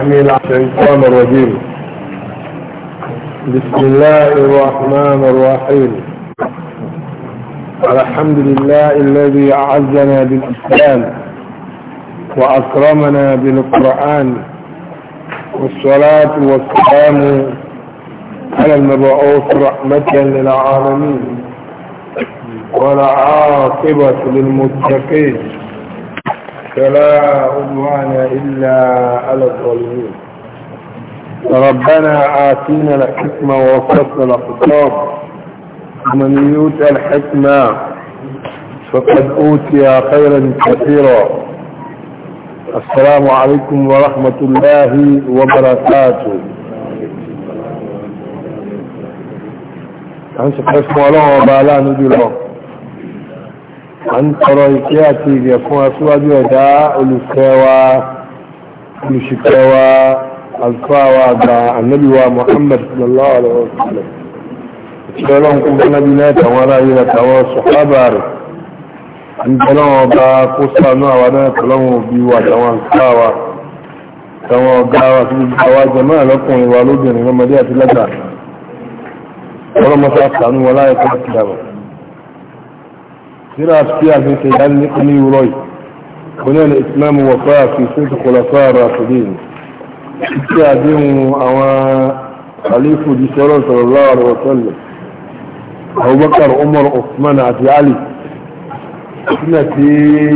الشيطان الرجيم بسم الله الرحمن الرحيم الحمد لله الذي أعزنا بالإسلام وأكرمنا بالقرآن والصلاة والسلام على المبعوث رحمة للعالمين ولا عاقبة للمتقين فلا عدوان إلا على الظالمين ربنا آتينا الحكمة ووصفنا الأقطاب ومن يؤتى الحكمة فقد أوتي خيرا كثيرا السلام عليكم ورحمة الله وبركاته عن سبحانه وتعالى وبعلا نجي لهم a ń tọrọ ìkẹ́ àti ìrẹ̀ fún aṣíwájú ẹ̀dá olùfẹ́wa olùṣìkẹwa alfáwa àgbà annabiwa muhammad sallallahu alaihi wasallam ìṣẹ́lọ́n kún fún nábi náà tàwọn aráyé àtàwọn sọ̀hábà rẹ̀ ń tọ́lọ́ ọba kó sànú àwọn náà tọ́lọ́wọ́ bí wà tàwọn alfáwa tàwọn ọ̀gá wa tó gbogbo àwọn jẹ́mọ́ ẹ̀lọ́kùnrin wa lóbìnrin lọ́mọdé àti lẹ́gbàá ọlọ́mọsá sànú wọn láyé kọ́ àti dàbọ̀ هنا أشبيع في سيدان نقني وراي هنا الإسلام وفاء في سنة خلفاء الراشدين في ديهم أو خليفة جسران صلى الله عليه وسلم أبو بكر عمر عثمان عتي علي هنا في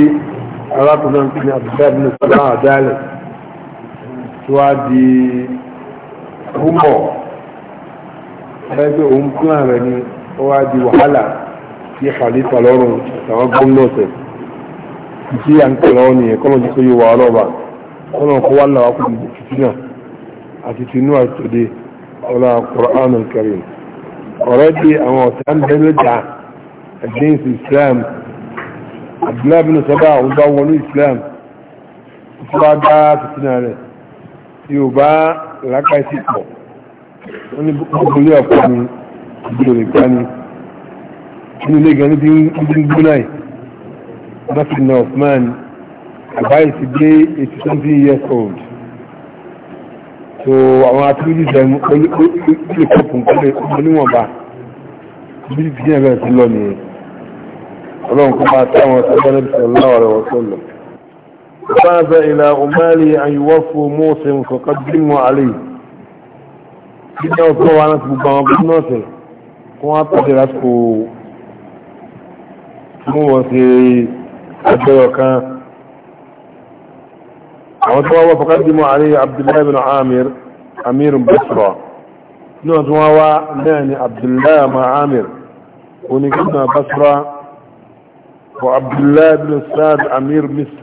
علاقة بن عبد الله بن سبعة دالة سوادي هم ẹgbẹ́ òun kúrò rẹ̀ ni ó ní khalifa lọ́rùn àwọn gómìnà ọ̀sẹ̀ tí à ń tẹ̀ lọ́wọ́ nìyẹn kọ́nà jí kó yóò wà ọlọ́ba kọ́nà kó wà láwà kó fìtínà àti tinú àtòdè ọlá Qur'an al-Karim ọ̀rẹ́ bí àwọn ọ̀tá ń bẹ́lẹ̀ dà against Islam Abdullahi bin Saba àwọn bá wọnú Islam tó bá dá fìtínà rẹ̀ tí ó bá lákàtí pọ̀ wọ́n ní gbogbo ilé ọ̀pọ̀ ni ìgbèrè kan ni inú ilé gan níbi ń gbóná ẹ̀ nọ́fìnà Osman àbáyé ti dé eighty something years old so àwọn atúndìdì ẹ̀ olè kọ́pù nkọ́lé ọmọ níwọ̀nba bí ti dín ẹ̀rẹ́ ti lọ nìyẹn ọlọ́run kó máa tẹ́ àwọn ọ̀sán bẹ́ẹ̀ sọ̀rọ̀ láwọ̀rẹ̀ wọ́n sọ̀rọ̀ فاز إلى عمالي أن يوفوا موسم فقدموا عليه كنا وطلعنا في بابا نوتي كنا تدرسوا mú wọn sí àjọyọ̀ kan àwọn tó wá wá fọkàndínmọ̀ àrí abdullahi bin amir amirin basra náà tó wá wá náà ni abdullahi ma amir onígbìmọ̀ basra wa abdullahi bin sa'ad amir misr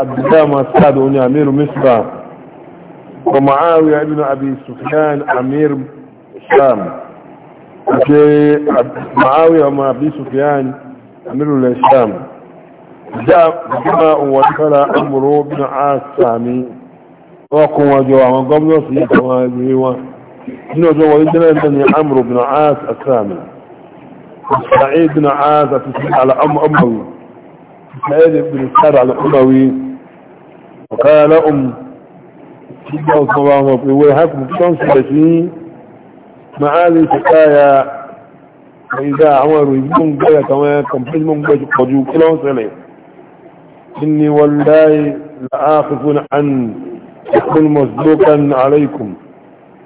abdullahi ma sa'ad oní amir misra wa ma'awiya ibn abi sufyan amir sham ake ma'awiya ma abi sufyan أمير الإسلام جاء جماء ودخل أمره بن عاص سامي وقوا وجوا من قبل صيحة وجوا إنه جوا يدنا بن عمرو بن عاص السامي سعيد بن عاص تسمع على أم أموي سعيد بن سعد على أموي وقال أم سيدنا صلى الله عليه وسلم ويحكم كم سنة معالي سكايا ìdá àwọn ẹ̀rọ ìgbó ń gbẹ̀rẹ̀ àtàwọn kọ̀mpútà mọ́ ń gbẹ̀jù pọ̀jù kí ló ń ṣẹlẹ̀ inni wallahi la'akhifun an yakun masdukan alaykum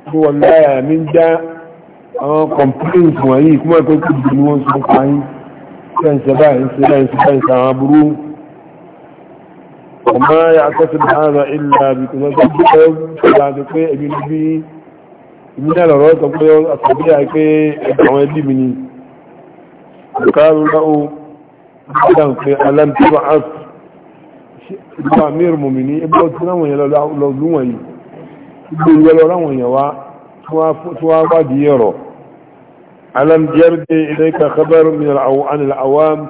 ni wallahi min ja àwọn complaints wọ̀nyí kuma ko وما يعتصب هذا إلا بكذا لا تقوي ابن بي من الرؤية تقوي أصبيعك أعوالي مني قالوا له كان في ألم تبعث أمير مؤمنين إبقوا تنوي لو لوي إبقوا يلو لوي وتوافى ديرو ألم يرد إليك خبر من العو... عن العوام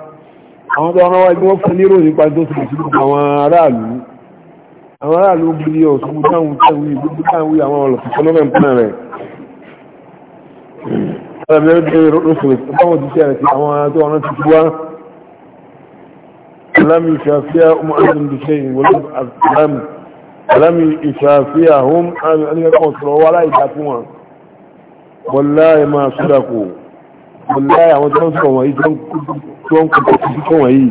àwọn tó wọ́n wáyé wọ́n fún nírò nípa tó sì sí àwọn aráàlú àwọn aráàlú gírí ọ̀sán táwọn tẹ́wì gbogbo táwọn àwọn ọlọ̀pùpọ̀ lọ́mọ̀ ìpínlẹ̀ rẹ̀ ẹ̀rọ bẹ́ẹ̀ rúfin báwọn ti ṣe àti àwọn àti ọ̀nà ti wá alámi ìṣàfíà ọmọ àdùn ti ṣe ìwòlú àtìlámi alámi ìṣàfíà home alẹ́kọ̀ọ́ sọ̀rọ̀ wá láì dá fún wọn wọláyé máa sódàkù wọláyé àwọn tó ń sọ̀rọ̀ wọ̀nyí tó ń kọ̀kọ̀ sí kọ̀ wọ̀nyí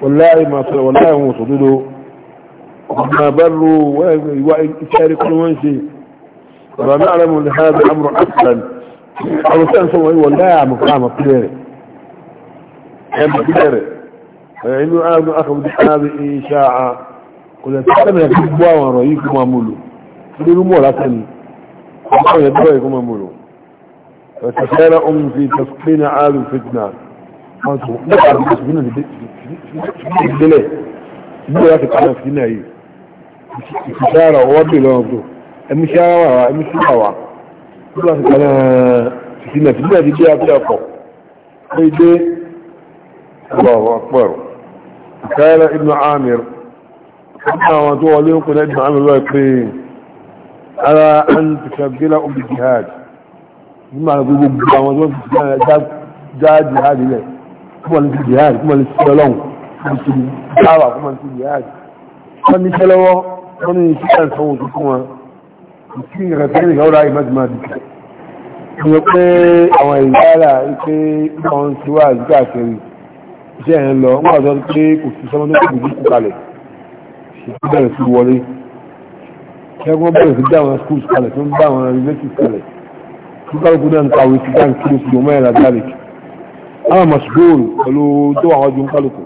wọláyé máa sọ̀rọ̀ wọláyé wọn sọ̀dọ́dọ́ ọmọ abẹ́rù ìwà ìṣẹ́rí kọ́ni wọ́n ṣe bàbá mi àlẹ́ mọ̀ ní hàbí amúrò àtìlámi àwọn tí a ń sọ wọ́n wọ́n láyà àmùkọ́ àmà pílẹ̀ rẹ̀ ẹ̀mù pílẹ̀ rẹ̀ ẹ̀yìn ààrùn akọ̀bùdí ààrẹ iṣẹ́ àà kò lẹ̀ tí a mẹ́rin gbọ́ àwọn ọ̀rọ̀ yìí kó máa mú lò ní rúmọ̀ lásán ni àwọn yẹn bọ́ yìí kó máa mú lò ẹ̀sẹ̀ fẹ́rẹ̀ ohun fi tẹ̀síkínà ààrùn fitna wọ́n tó ní ààrùn tẹ̀síkínà ìdílẹ̀ ìdílẹ̀ láti kọ́nà fitna yìí ìfìṣàrà ọwọ́ bèèrè ọ̀dọ̀ ẹ̀mí ṣáwà ẹ̀mí ṣáwà tó bá ti kàn án fìtínà fìtínà ti dé abẹ́ ọkọ̀ pé dé ọ̀rọ̀ pẹ̀rù kàílá ibn amir àwọn tó wọlé ń kùnà ibn amir lọ́wọ́ pé ara an ti sàbílá omi jihad nígbà gbogbo àwọn tó ń já jihad ilẹ̀ kuma ní ti jihad kuma ní ti ọlọ́run kuma ti dáwà kuma ní ti jihad kuma ní tẹ́lọ́wọ́ kuma ní ti sàn sanwó tó fún wọn ìtí ìrẹ̀tẹ́lì ọ̀rá ìmọ́dìmọ́dìkà ni pé àwọn ìyára pé wọ́n ti wá àjíká àkẹrì iṣẹ́ ẹ̀ lọ wọ́n àjọ pé kò sí sọmọ́ tó kù kú kalẹ̀ ṣùgbọ́n bẹ̀rẹ̀ sí wọlé ṣẹ́gun bẹ̀rẹ̀ sí dáwọn skúls kalẹ̀ tó ń bá àwọn relatives kalẹ̀ tó kálukú náà ń kàwé ti dá nǹkan oṣù lọ́mọ ẹ̀rọ garlic àwọn mọ̀ṣùgbọ́ọ̀rù pẹ̀lú tó wà wájú kálukú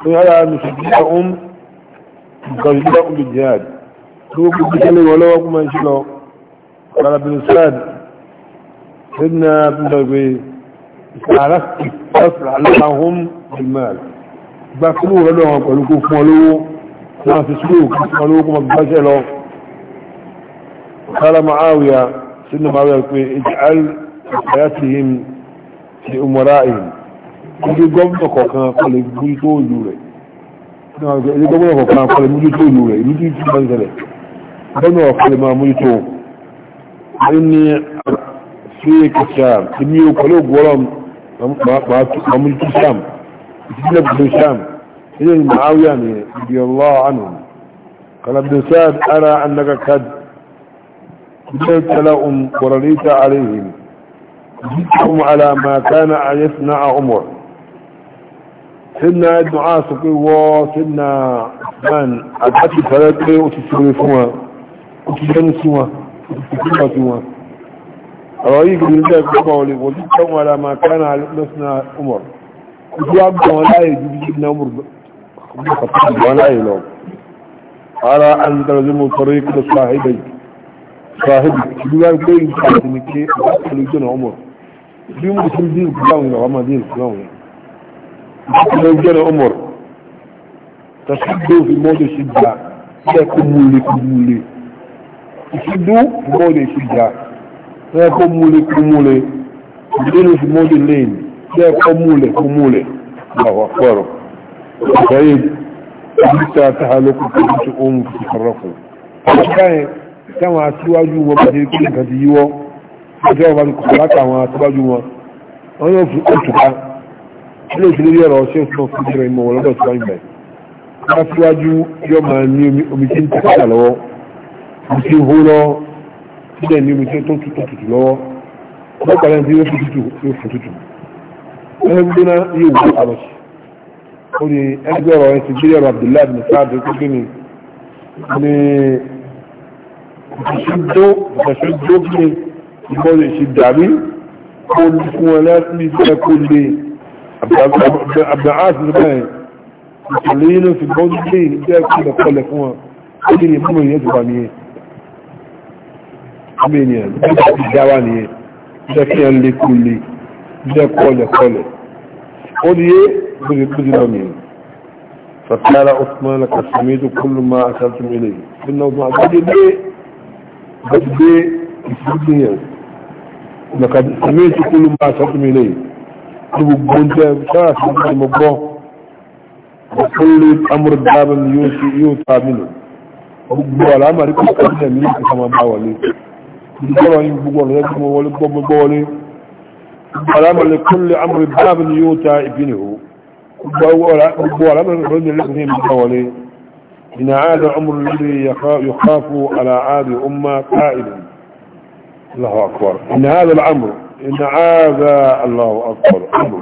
tó yára nìṣẹ́jú توقف بكلمة ولو أقوم إن قال ابن سعد سيدنا ابن دربي عرفت تصرع لهم بالمال باكلوا لهم قالوا كوف مولو ما تسلوه كوف مولو قال معاوية سيدنا معاوية اجعل حياتهم في أمرائهم ibi gómìnà kọ̀ọ̀kan kọ́ lè mójútó ìlú rẹ̀ ibi gómìnà kọ̀ọ̀kan kọ́ lè mójútó ìlú rẹ̀ ìlú tí ó ti máa ń ṣẹlẹ̀ bẹ́ẹ̀ wọ́n kọlu máa múlító ní fíkì sham ìmí o kọlu gbọ́rọ̀ máa múlító sham ìdílé gbogbo sham ilé ni ma'áwíyà ne ibi allah anu kalabdin sa'ad ara annaka kad ilé tala'un kwararita alaihim جئتهم على ما كان يصنع عمر سيدنا ابن عاصق وسيدنا عثمان أدعت الثلاثة وتسوري فيها kò ti lẹ́nu sí wọn kò ti fi lọ sí wọn ọ̀rọ̀ yìí kìí lẹ́ẹ̀ gbọ́gbọ́n olè wọ́n ti tọ́ wọn ara máa kánà lọ́sùn ọmọ kò tí wá gbọ́ wọn láàyè ju bíi náà mú wọn láàyè lọ ara an tọrọ sí mo tọrọ yìí kí lọ sàáhìbẹ sàáhìbẹ ìlú wa gbé nǹkan àti ní pé ọba pẹ̀lú jọ̀nà ọmọ bí mo ti dín ìgbàwọn ìgbà wọn máa dín ìgbàwọn ìgbà jọ̀nà ọmọ tọ́sí gbé òfin mọ́tò ìṣídú ìmọ́lẹ̀ ìṣíjà lẹ́ẹ̀kọ́ múlẹ̀ kú múlẹ̀ ìdínú ìmọ́lẹ̀ lẹ́yìn lẹ́ẹ̀kọ́ múlẹ̀ kú múlẹ̀ lọ́wọ́ fọ́rọ̀ ọ̀sẹ̀yìn ìgbésà tàhálókù tó ti ohun fi kọ̀rọ̀kù báyẹn táwọn aṣíwájú wọn bá ṣe kí nǹkan ti yíwọ́ ọjọ́ ọba ti kọ̀ọ̀lá táwọn aṣíwájú wọn wọn yóò fi òtùká ilé ìṣẹ̀lẹ̀ yọ̀rọ̀ ọ̀ṣẹ́ fún ọ̀fíìsì rẹ̀ ìmọ̀ wọn lọ́dọ̀ síwájú bẹ̀ wọ́n aṣíwájú yóò máa ní omi tí ń tẹ̀kọ́ lọ́wọ́ àti ìhó lọ sílẹ̀ ní omi tó tutù tutù lọ́wọ́ ọlọ́pàá náà ti yóò fi tutù yóò fi tutù ẹgbẹ́ gbóná yóò wú àlọ́sì ó ní ẹgbẹ́ ọ̀rọ̀ ẹ̀sìn gbé ọ̀rọ̀ Abdullahi bin Saad tó gbé ní ní ìṣẹ́jọ́ ìṣẹ́jọ́ gbé ìbọ̀lẹ̀ ṣe dàbí kó ní fún wọn láti ṣe kó lè Abdullahi bẹ́ẹ̀ ìṣẹ̀lẹ̀ yìí ló fi bọ́ gbé ìjẹ́ kó lè kọlẹ̀ fún wọn ó ní ìmúlò yẹn ti wà nìyẹn ọmọ ènìyàn nígbà tí dáwà nìyẹn jẹ́ kí ẹn lè kú lè jẹ́ kọlẹ̀kọlẹ̀ ó ní yé bójúbójú lọ nìyẹn fàtàrà osman lakasami tó kúlù máa àtàtù ilẹ̀ nínú ọdún àgbájé dé gbàdúgbé ìfúdú yẹn lakasami tó kúlù máa àtàtù ilẹ̀ ní gbogbo ń jẹ sáà sí ọdún mọ gbọ́ وكل امر دابا بقول لكل باب يوتا ابنه بقول أمر لكم إن هذا الأمر الذي يخاف على عاد أمة قائلا الله أكبر إن هذا الأمر إن هذا الله أكبر عمر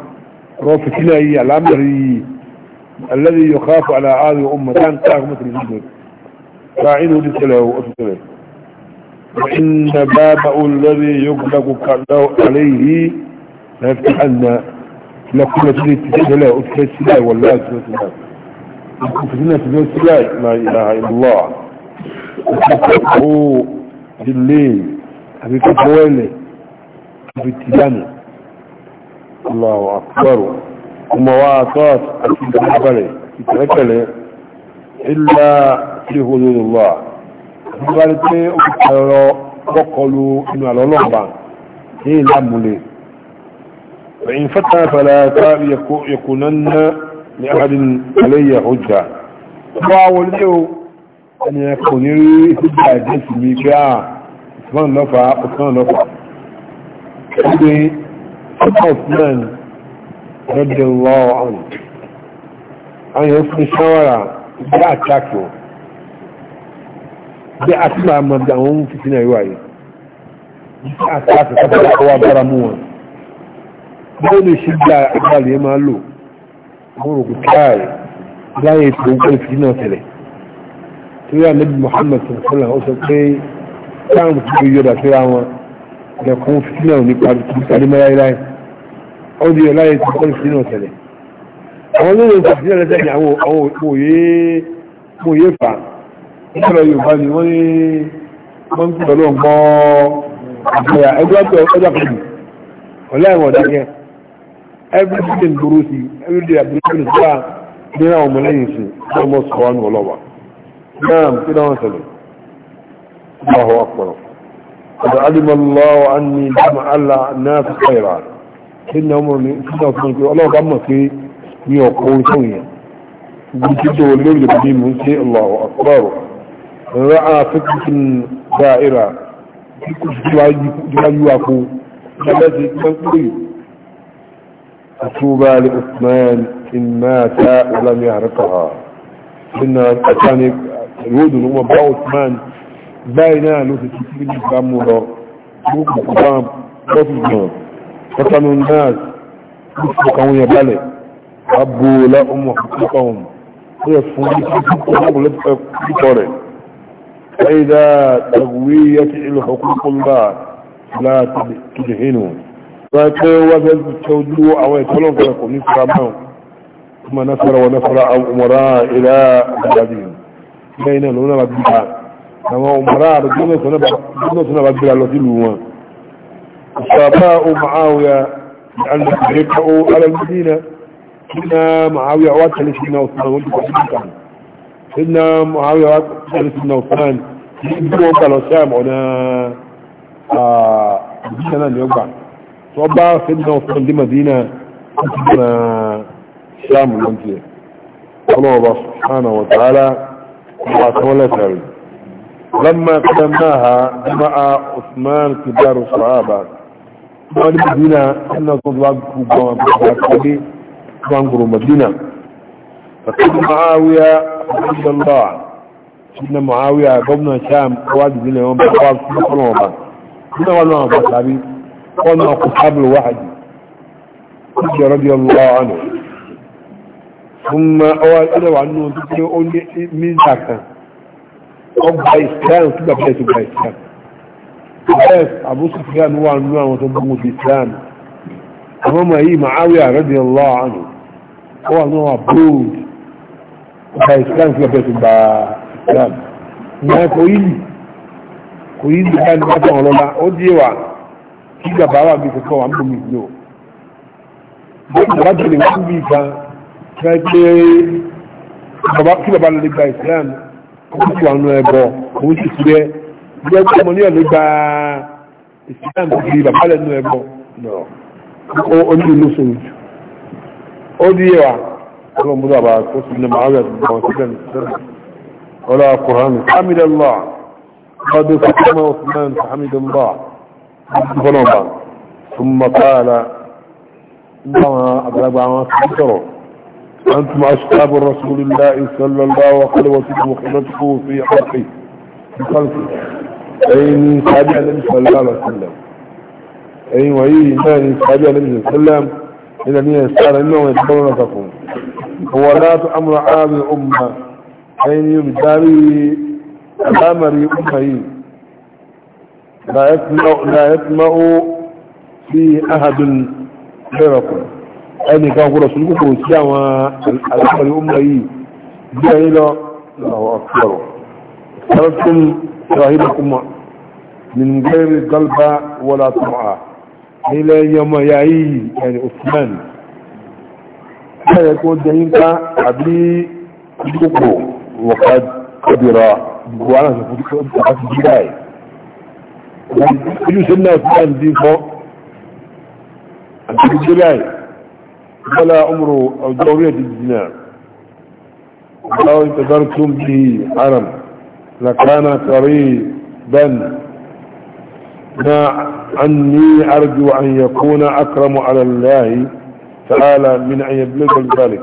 روف كلاهي الأمر الذي يخاف على عاد أمة كان تاغ مثل الجنة قائله بسله وأسله وإن باب الذي يغلق كله عليه لا يفتحن لكل تلي تسلاء وتلي تسلاء ولا تلي تسلاء وكفتنا تلي تسلاء لا إله إلا الله وكفته بالليل أبي كفوالي أبي تجاني الله أكبر ومواطات أتي بحبري تتركلي إلا في حدود الله bí wọ́n rí pé ó ti pẹ̀rọ kọ́kọlu inú àlọ́ náà bá ní ìlàmúlẹ̀ فإن فتح فلا يكونن لأحد علي حجة فأول له أن يكون حجة جسمي كاع عثمان نفع عثمان نفع أبي عثمان رضي الله عنه أن يصل شوارع لا تاكله bí a ti máa mọ̀dá àwọn ohun fìtínà yóò ayé àti àti sábàlá ọwọ́ agbára mú wọn bó lè ṣe gba agbálẹ̀ máa lò wọ́n rò kò káàrì láyé ètò òkú fìtínà tẹ̀lẹ̀ tó yà níbi Muhammad sọ̀rọ̀sọ́là ó sọ pé táwọn tó fi yọ̀dà síra wọn ẹ̀kún fìtínà ò ní parí tó parí mọ́ ìṣẹ̀lẹ̀ yorùbá ni wọ́n ní wọ́n ń pẹ̀lú ọgbọ́ àpẹyà ẹgbẹ́ ọjọ́ ọjọ́ kejì ọ̀lá ẹ̀wọ̀n dákẹ́ everything dúró sí everyday abdulkadir sáà ní àwọn ọmọlẹ́yìn sí ọmọ sọ̀rọ̀ ní ọlọ́wà náà kí náà sẹ̀lẹ̀ ọ̀họ̀ ọ̀pọ̀rọ̀ قد علم الله أني لم ألا الناس خيرا إن أمرني كنا أصلاً كنا الله قام في ميوقون سويا قلت له لولا بدين من الله أكبر ra'a fitkin da'ira jiwayu ako jalasi kan kuri atuba li usman in mata lam yarqaha inna atani rudu umma ba usman bayna lu fitkin bamuro buku bam bofno fatanu nas buku kan ya bale abu la umma hukum ko fun ko ko ko فإذا تقويت الحقوق الله لا تدهنوا فكوزت التوجوع ويتلون فيكم نسر معهم ثم نسر ونسر أمراء إلى بلدهم بين لنا ربها كما نعم، أمراء رجلنا سنبع ربها لتلوا الشباء معاوية لأن يقعوا على المدينة كنا معاوية واتلسنا وصنعوا لكم سيدنا معاوية وقال سيدنا وفان يجب وقع الوسام عنا مدينة يوقع صبع سيدنا وفان دي مدينة سيدنا شام المنزل الله سبحانه وتعالى وعطوله تعالى لما قدمناها جمع عثمان كبار الصحابة wọ́n مدينة madina ẹ̀nà tó bá gbogbo àwọn àgbàgbà فقد معاوية abdullah ṣíná mọ̀háwíà gómìnà sham wájú nílẹ̀ wọn bá wá fún ọ̀nà ọba nínú wọn náà bá sáré ọ̀nà kò sábẹ̀ wáhàjì ṣíṣe rọ́bì ọlọ́ ọ̀nà fúnmọ́ ọwọ́ ilẹ̀ wà nínú tó pé ó ní mílíà kan ọgbà islam tó gbà bẹ́ẹ̀ tó gbà islam bẹ́ẹ̀ àbúsù fúlẹ̀ wà nínú àwọn tó gbógun ti islam àwọn ọmọ yìí mọ̀háwíà rọ́bì ọlọ́ ọ̀nà ọwọ́ náà wà ọba islam fi ọbẹ̀ tó gba islam ìyá kò yìí kò yìí ní báyìí bá tọ̀ ó di wa o bàbá tó lè wá bí ìta fẹ́ pé bàbá kí bàbá lè gba islam kó sì wà nù ẹ̀bọ̀ kó sì sí bẹ́ẹ̀ bí ẹgbẹ́ ọmọ ní ọ̀lẹ́ gba islam kò sì bàbá الله مضابعة قسم ابن معاوية ولا قرآن حمد الله قد سلم عثمان حمد الله فنوبا ثم قال انما أبلغ عما تذكروا أنتم أشقاب رسول الله صلى الله عليه وسلم وخلته في حقه بخلقه أين صحابي النبي صلى الله عليه وسلم أين وهي إيمان صحابي النبي صلى الله عليه وسلم إلى أن يستعر إنه يتبرون تكون وولاة أمر عام الأمة أين يبداري الأمر أمه لا يسمع لا يسمع فيه أحد غيركم أين كان رسول الله سيما الأمر أمه جاهل الله أكبر تركتم شاهدكم من غير قلب ولا طمعة إلى يوم يعي يعني أثمان káyẹ̀ kó jẹ yín ká àbí ìdókò wọ̀ká kọ́bìrà gbogbo ara ṣe fún àti jíra ẹ̀ ojú sẹ́lẹ̀ fún àti dín fọ́ àti jíra ẹ̀ bọ́lá ọmọrò ọjọ́ orí ẹ̀dì jìnà báwọn ìtàgbàrù tó ń bí haram lakana tare ban na an ni arju an yakuna akramu ala allahi تعالى من أن يبلغ ذلك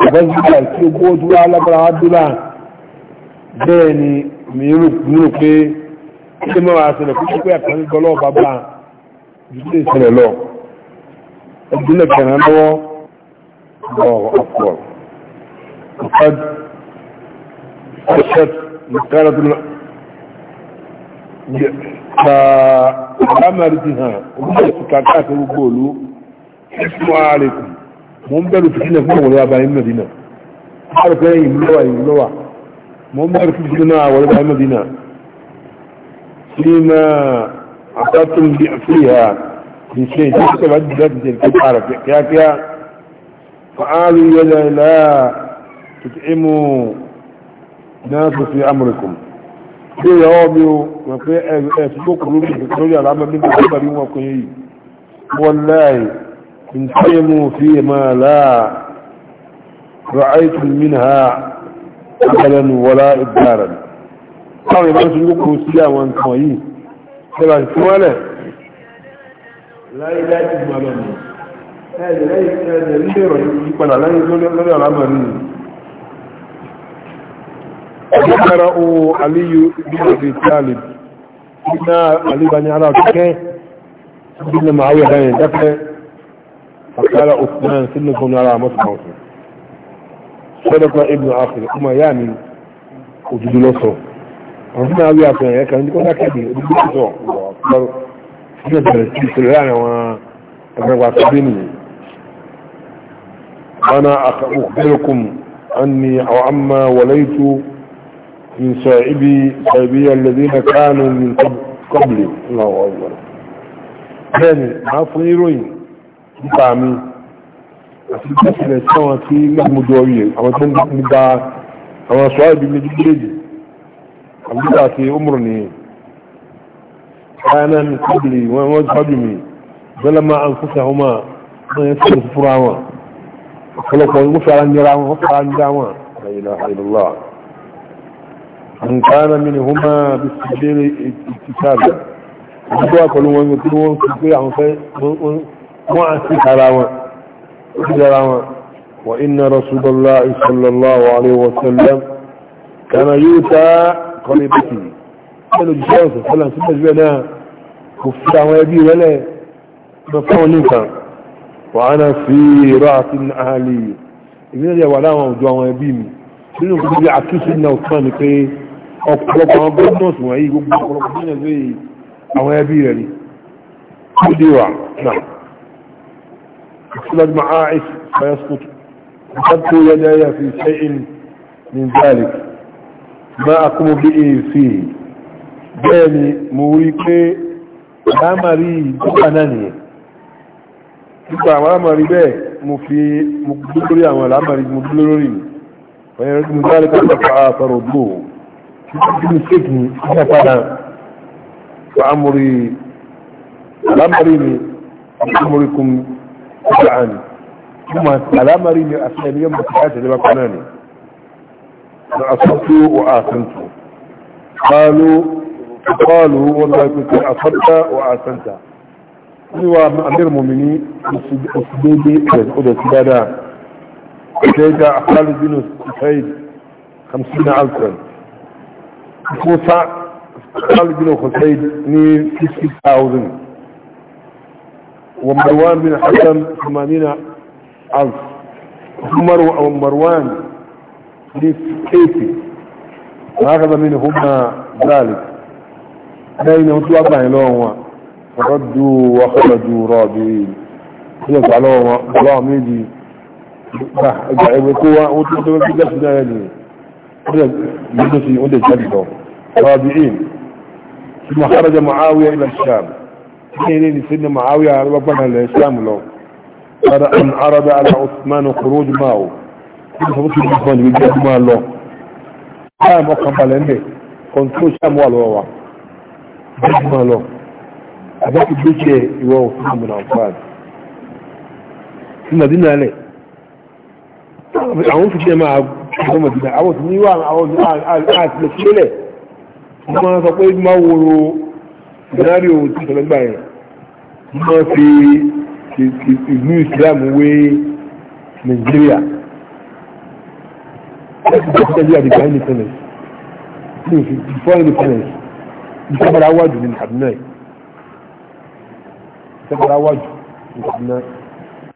بذلك يقول وعلى برعب الله bẹ́ẹ̀ni mìírù pé ṣe mọ́ àṣẹlẹ̀ kúrò pé àkàrí gọlọ́ bàbá jílé ìṣẹ̀lẹ̀ lọ ẹgbìlẹ̀ kẹrẹ lọ́wọ́ lọ́wọ́ ọkọ̀ ọ̀fẹ́d ọ̀ṣẹ́t nìkára tó náà lámàrí ti hàn orílẹ̀-èdè kàkàkiri gbòòlú ẹ̀sùn ààrẹ̀kùn mọ́ ń bẹ̀rù fìdínà fún àwọn ọ̀lẹ́wà báyìí mẹ́dínà ààrẹ̀kùn ẹ̀yìn lọ́wà ẹ̀yìn lọ́wà mọ́ ń bẹ̀rù fìdínà àwọn ọ̀lẹ́wà báyìí mẹ́dínà sí ma àtàtún bí àfíyà ní ṣe ìjọba bá jùlọ ti tẹ̀lé tó ara kíákíá fa'alu yẹlẹ ilá tuntun imu náà tó fi amurikun bí ìyàwó mi ò wọ́n pé ẹ̀sùn tó kúrú lórí àlámọ́ nígbà tó bá rí wọn kún yìí wọ́n láì انتهموا فيما لا رأيتم منها عملا ولا إبدارا قالوا يبقى سنقوكم السلام وانتم ايه سلام سوالا لا إله إلا الله هذا لا يقبل لا يقبل على الأمر ذكروا لا بن أبي طالب إن علي بن لا كان بن معاوية كان ذكر فقال عثمان سنكم نرى مصبوط صدق ابن اخر اما يعني وجد لصو ربنا ابي عفوا يا كان يقول لك ابي وجد لصو نزل السلانة وأبرغ عصبيني أنا أخبركم أني أو عما وليت من سائبي سائبي الذين كانوا من قبلي الله أكبر ثاني ما فنيروين nípa mi àti ìgbésẹ̀lẹ̀ sí àwọn tí mahmoud ọ̀rí ẹ̀ àwọn tó ń gba àwọn sọ́ọ́ ibi méjì méjì àbúrò àti umru nìyẹn kana min qabli wa man qabli zalama anfusahuma man yasir furawa kala ko mu fara nira mu fara nira mu la ilaha illallah an kana minhuma bisabil ittisab ko ko lu won ko won ko ya won معسك على وحجر وإن رسول الله صلى الله عليه وسلم كان يؤتى قريبته قالوا جشاوة صلى الله عليه وسلم كفتها ويبي ولا نفعه نفع وأنا في رأس أهلي إذن يا ولا وجوه ويبيني nínú kò bí àtúnṣe ní ọ̀tán ni pé ọ̀pọ̀lọpọ̀ àwọn gómìnàsì wọ̀nyí gbogbo ọ̀pọ̀lọpọ̀ nínú ẹgbẹ́ àwọn ẹbí rẹ̀ ni ó dé wà náà مثل المعاعس فيسقط تبقوا يداي في شيء من ذلك ما أقوم به فيه بيني موريكي lámàrí dúkà náà nìyẹn nípa àwọn lámàrí bẹ́ẹ̀ mo fi mọ̀kúndú lórí àwọn lámàrí mọ̀kúndú lórí wọ́n yẹn mú dáre kọ́ pàpà àfẹ́rọ̀ gbò títí ní ṣéèkì ní ìjọpadà fàámùrí lámàrí ni àmúrí kún القرآن ثم سلامري من أسلامي المسيحات لما فأصبت وآسنت قالوا قالوا والله كنت أصبت وآسنت هو أمير المؤمنين أسبيبي أدى سبادا سيدا خالد بن سعيد خمسين ألفا خوصا خالد بن خسيد ني سيسكي تاوزن ومروان بن الحكم ثمانين ألف ومروان لكيفي هكذا منهما ذلك لأنه تلعبنا لهم فردوا وخرجوا رابعين خلص على الله ميدي بقوة وتقول في نفس الآية يدسي ودى جلده رابعين ثم خرج معاوية إلى الشام كيني لسيدنا معاوية ربنا الإسلام له أن عرض على عثمان خروج معه كيف سبطي عثمان يجب ما له كان مقام بالنبي كنتو شام والوا يجب ما له أباك بيجي يوو عثمان من عفان إن دينا عليه àwọn fi ṣe máa gbọmọ̀ dìdà àwọn tí níwà àwọn àti lè ṣe lẹ̀ wọ́n sọ pé máa wòrò ìdárí ohun tí ìṣẹ̀lẹ̀gbà yẹn wọ́n fi ìlú Islam wé Nàìjíríà láti jẹ́ Nàìjíríà di gbáyé independence ní òfin before independence ìjọba wájú ní Nàìjíríà ìjọba wájú ní Nàìjíríà